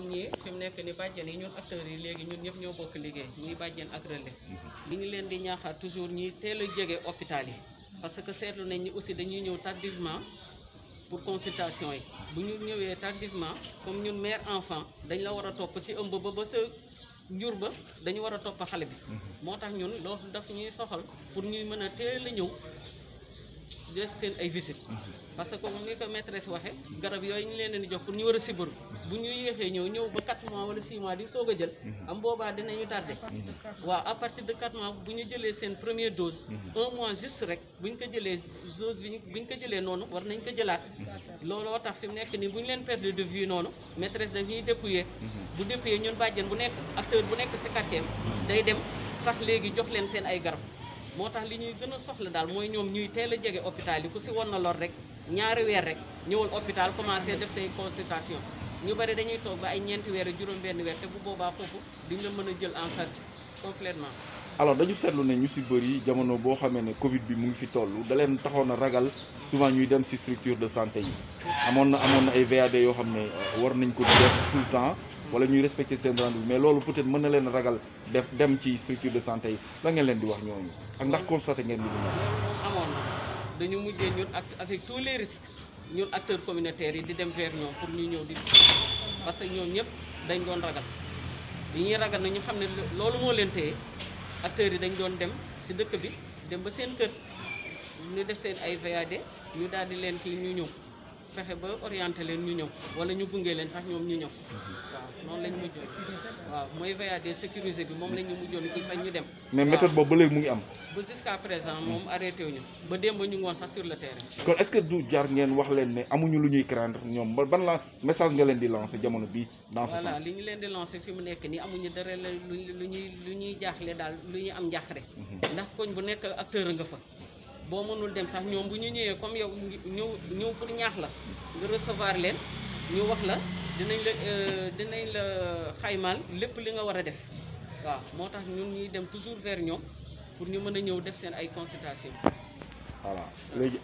ñoom ñii fi mu nekk ni bàjjen yi ñun acteur yi légui ñun ñep ñoo bokk liggéey muy bàjjen ak relé li mhm. ngi leen di ñaaxaar toujours ñi teel jégué hôpital yi parce que sétlu nañ ni aussi dañuy ñëw tardivement pour consultation yi bu ñu ñëwee tardivement comme ñun mère enfant dañ la war a topp si ëmb ba ba sa njur ba dañu war a topp xale bi mhm. moo tax ñun loolu daf ñuy soxal pour ñuy mën a teel a ñëw di seen ay visite mhm. parce que comme ni ko garab yooyu ñu leen di jox pour ñu war a sibaru bu ñu yéexee ñëw ñëw ba 4 mois wala 6 mois di soog a jël mhm. am boobaa dinañu tardé mhm. waaw à partir de 4 mois bu ñu jëlee seen première dose un mois juste rek bu ñu ko jëlee dose bi bu ñu ko jëlee noonu war nañ ko jëlaat looloo tax fi mu nekk nii bu ñu leen perdre de vue noonu maîtresse dañuy dépouiller bu dépouiller ñun bàjjen bu nekk acteur bu nekk si quartier day dem sax léegi jox leen seen ay garab moo tax li ñuy gën soxla daal mooy ñoom ñuy teel a jege hôpital yi ku si woon na lor rek ñaari weer rek ñëwal hôpital commencé def say consultation ñu bari dañuy toog ba ay ñeenti weer juróom benn weer te bu boobaa foofu duñ la mën a jël en charge complètement alors dañu seetlu ne ñu si bëri jamono boo xamee ne Covid bi mu ngi fi toll da leen taxoon a ragal souvent ñuy dem si structure de santé yi amoon na amoon na ay VAD yoo xam ne war nañ ko def tout temps wala ñuy respecter seen rendez-vous mais loolu peut-être mën leen ragal def dem ci structure de santé yi la ngeen leen di wax ñooñu ak ndax constaté ngeen li mu amoon na dañu mujjee ñun ak avec tous les risques ñun acteurs communautaires yi di dem vers ñoom pour ñu ñëw di parce que ñoom ñëpp dañ doon ragal di ñuy ragal na ñu xam ne loolu leen téye acteurs yi dañ doon dem si dëkk bi dem ba seen kër ñu def seen ay VAD ñu daal di leen kii ñu ñëw fexe ba orienté leen ñu ñëw wala ñu gunge leen sax ñoom ñu ñëw mhm. waaw noonu lañ mujjoon waaw mooy de sécurisé bi moom la ñu mujjoon kii sax ñu dem mais méthode boobu ba léegi mu ngi am ba jusqu'à présent moom mhm. arrêté wuñu ba démb ñu ngoon sax sur le terrain kon est-ce que du jar ngeen wax leen ne amuñu lu ñuy craindre ñoom ba ban la message nga leen di lancé jamono bii dans sax sens li ñu leen di lancé fi mu nekk nii amuñu dara lu ñuy lu ñuy jaaxle daal lu ñuy am njaaxre mhm. ndax koñ bu nekk acteur nga fa boo mënul dem sax ñoom bu ñu ñëwee comme yow ñëw ñëw pour ñaax la nga recevoir leen ñu wax la dinañ la euh, dinañ la xaymaal lépp li nga war a def waaw moo tax ñun ñuy dem toujours vers ñoom pour ñu mën a ñëw def seen ay consultation voilà léegi